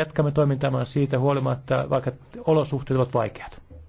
Jatkamme toimintaamme siitä huolimatta, vaikka olosuhteet ovat vaikeat.